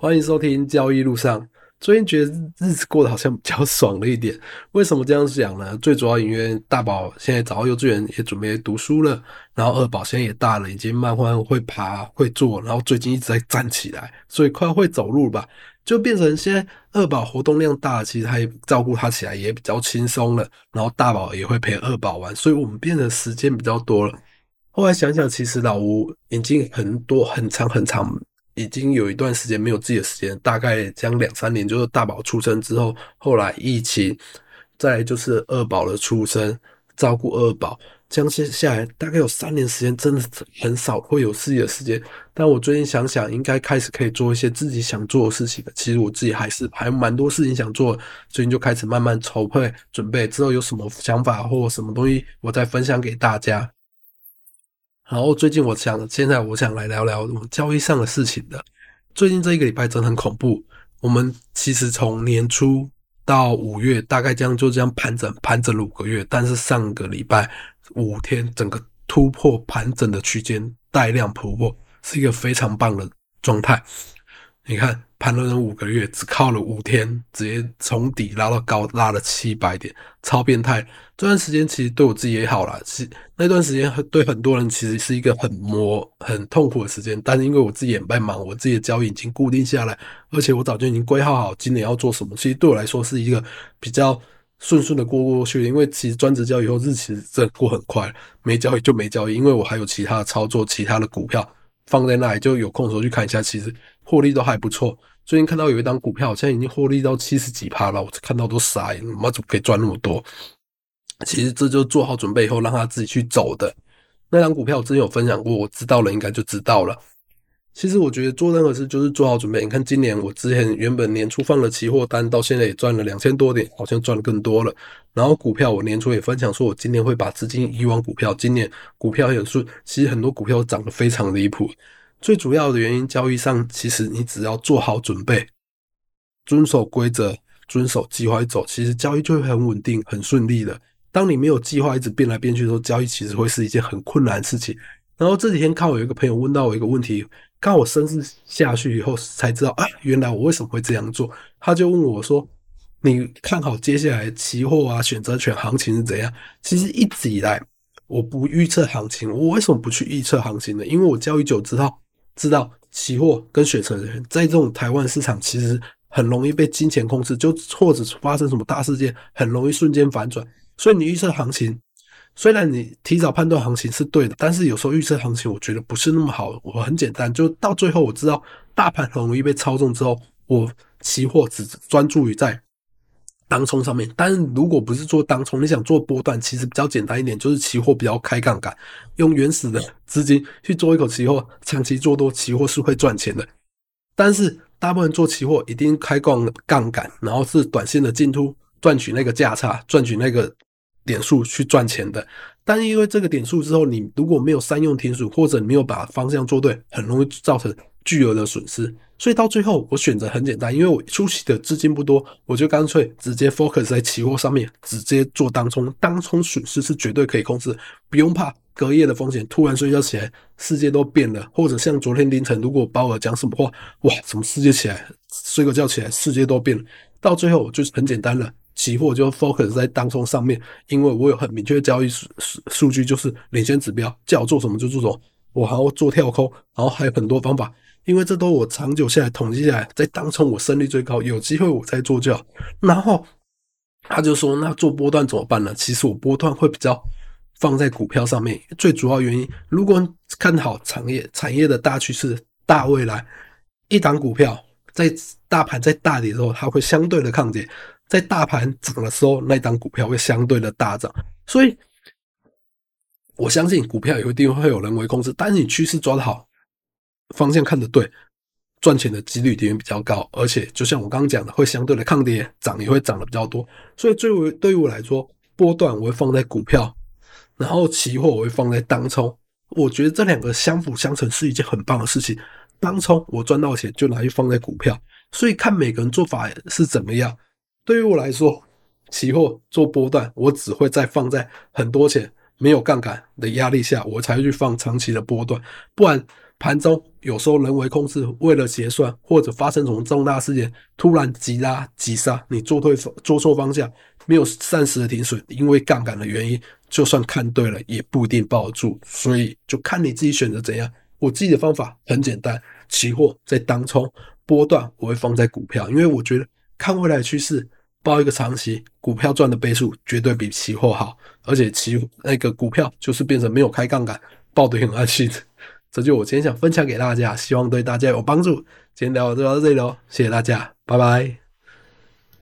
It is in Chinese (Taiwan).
歡迎收聽交易路上。最近覺得日子過得好像比較爽了一點。為什麼這樣講呢？最主要因為大寶現在找到幼稚園也準備讀書了，然後二寶現在也大了，已經慢慢會爬會坐，然後最近一直在站起來，所以快要會走路了吧，就變成現在二寶活動量大了，其實他也照顧他起來也比較輕鬆了。然後大寶也會陪二寶玩，所以我們變成時間比較多了。後來想想，其實老吳已經很多很長很長。已經有一段時間沒有自己的時間，大概將兩三年，就是大寶出生之後，後來疫情，再來就是二寶的出生，照顧二寶，這樣接下來大概有三年時間，真的很少會有自己的時間。但我最近想想，應該開始可以做一些自己想做的事情的，其實我自己還是還蠻多事情想做，最近就開始慢慢籌備準備，之後有什麼想法或什麼東西，我再分享給大家。然後最近我想，現在我想來聊聊我們交易上的事情的。最近這一個禮拜真的很恐怖。我們其實從年初到五月，大概這樣就這樣盤整盤整五個月，但是上個禮拜五天整個突破盤整的區間，帶量突破是一個非常棒的狀態。你看。盤了五個月，只靠了五天，直接從底拉到高，拉了七百點，超變態。這段時間其實對我自己也好了，是那段時間對很多人其實是一個很磨、很痛苦的時間。但是因為我自己也蠻忙，我自己的交易已經固定下來，而且我早就已經規劃好今年要做什麼。其實對我來說是一個比較順順的過過去。因為其實專職交易後，日期其實真的過很快，沒交易就沒交易，因為我還有其他的操作、其他的股票放在那裡，就有空的時候去看一下。其實。獲利都還不錯，最近看到有一檔股票，現在已經獲利到七十幾趴了。我這看到都傻眼，媽怎麼可以賺那麼多？其實這就是做好準備以後，讓他自己去走的。那檔股票我之前有分享過，我知道了應該就知道了。其實我覺得做任何事就是做好準備。你看今年我之前原本年初放了期貨單，到現在也賺了兩千多點，好像賺更多了。然後股票我年初也分享說，我今年會把資金移往股票，今年股票也很順。其實很多股票漲得非常離譜。最主要的原因，交易上其實你只要做好準備，遵守規則，遵守計劃走，其實交易就會很穩定、很順利的。當你沒有計劃，一直變來變去的時候，交易其實會是一件很困難的事情。然後這幾天看我有一個朋友問到我一個問題，看我深思下去以後才知道啊，原來我為什麼會這樣做。他就問我說：“你看好接下來期貨啊、選擇權行情是怎樣？”其實一直以來我不預測行情，我為什麼不去預測行情呢？因為我交易久之後，知道。知道期貨跟選擇權的人，在這種台灣市場，其實很容易被金錢控制，就或者發生什麼大事件，很容易瞬間反轉。所以你預測行情，雖然你提早判斷行情是對的，但是有時候預測行情，我覺得不是那麼好。我很簡單，就到最後我知道大盤很容易被操縱之後，我期貨只專注於在。當沖上面，但是如果不是做當沖，你想做波段，其實比較簡單一點，就是期貨比較開槓桿，用原始的資金去做一口期貨，長期做多期貨是會賺錢的。但是大部分做期貨一定開槓槓桿，然後是短線的進出，賺取那個價差，賺取那個點數去賺錢的。但是因為這個點數之後，你如果沒有善用停損，或者你沒有把方向做對，很容易造成，巨額的損失，所以到最後我選擇很簡單，因為我出席的資金不多，我就乾脆直接 focus 在期貨上面，直接做當沖，當沖損失是絕對可以控制，不用怕隔夜的風險。突然睡覺起來，世界都變了；或者像昨天凌晨，如果鮑爾講什麼話，哇，什麼世界起來，睡個覺起來，世界都變了。到最後就是很簡單了，期貨就 focus 在當沖上面，因為我有很明確的交易數數數據，就是領先指標，叫我做什麼就做什麼。我還要做跳空，然後還有很多方法。因為這都我長久下來統計下來，在當中我勝率最高，有機會我再做就好。然後他就說：“那做波段怎麼辦呢？”其實我波段會比較放在股票上面，最主要原因，如果看好產業，產業的大趨勢、大未來，一檔股票在大盤在大跌的時候，它會相對的抗跌；在大盤漲的時候，那一檔股票會相對的大漲。所以，我相信股票有一定會有人為控制，但是你趨勢抓得好。方向看得對，賺錢的幾率點比較高，而且就像我剛剛講的，會相對的抗跌，漲也會漲得比較多。所以，作為對於我來說，波段我會放在股票，然後期貨我會放在當沖。我覺得這兩個相輔相成是一件很棒的事情。當沖我賺到錢就拿去放在股票，所以看每個人做法是怎麼樣。對於我來說，期貨做波段，我只會再放在很多錢沒有槓桿的壓力下，我才會去放長期的波段，不然盤中。有時候人為控制，為了結算或者發生什麼重大事件，突然急拉急殺，你做對做錯方向，沒有暫時的停損，因為槓桿的原因，就算看對了也不一定抱得住，所以就看你自己選擇怎樣。我自己的方法很簡單，期貨在當沖，波段我會放在股票，因為我覺得看未來趨勢，抱一個長期股票賺的倍數絕對比期貨好，而且期那個股票就是變成沒有開槓桿，抱得很安心的。這就我今天想分享給大家，希望對大家有幫助。今天聊就到這裡嘍，謝謝大家，拜拜。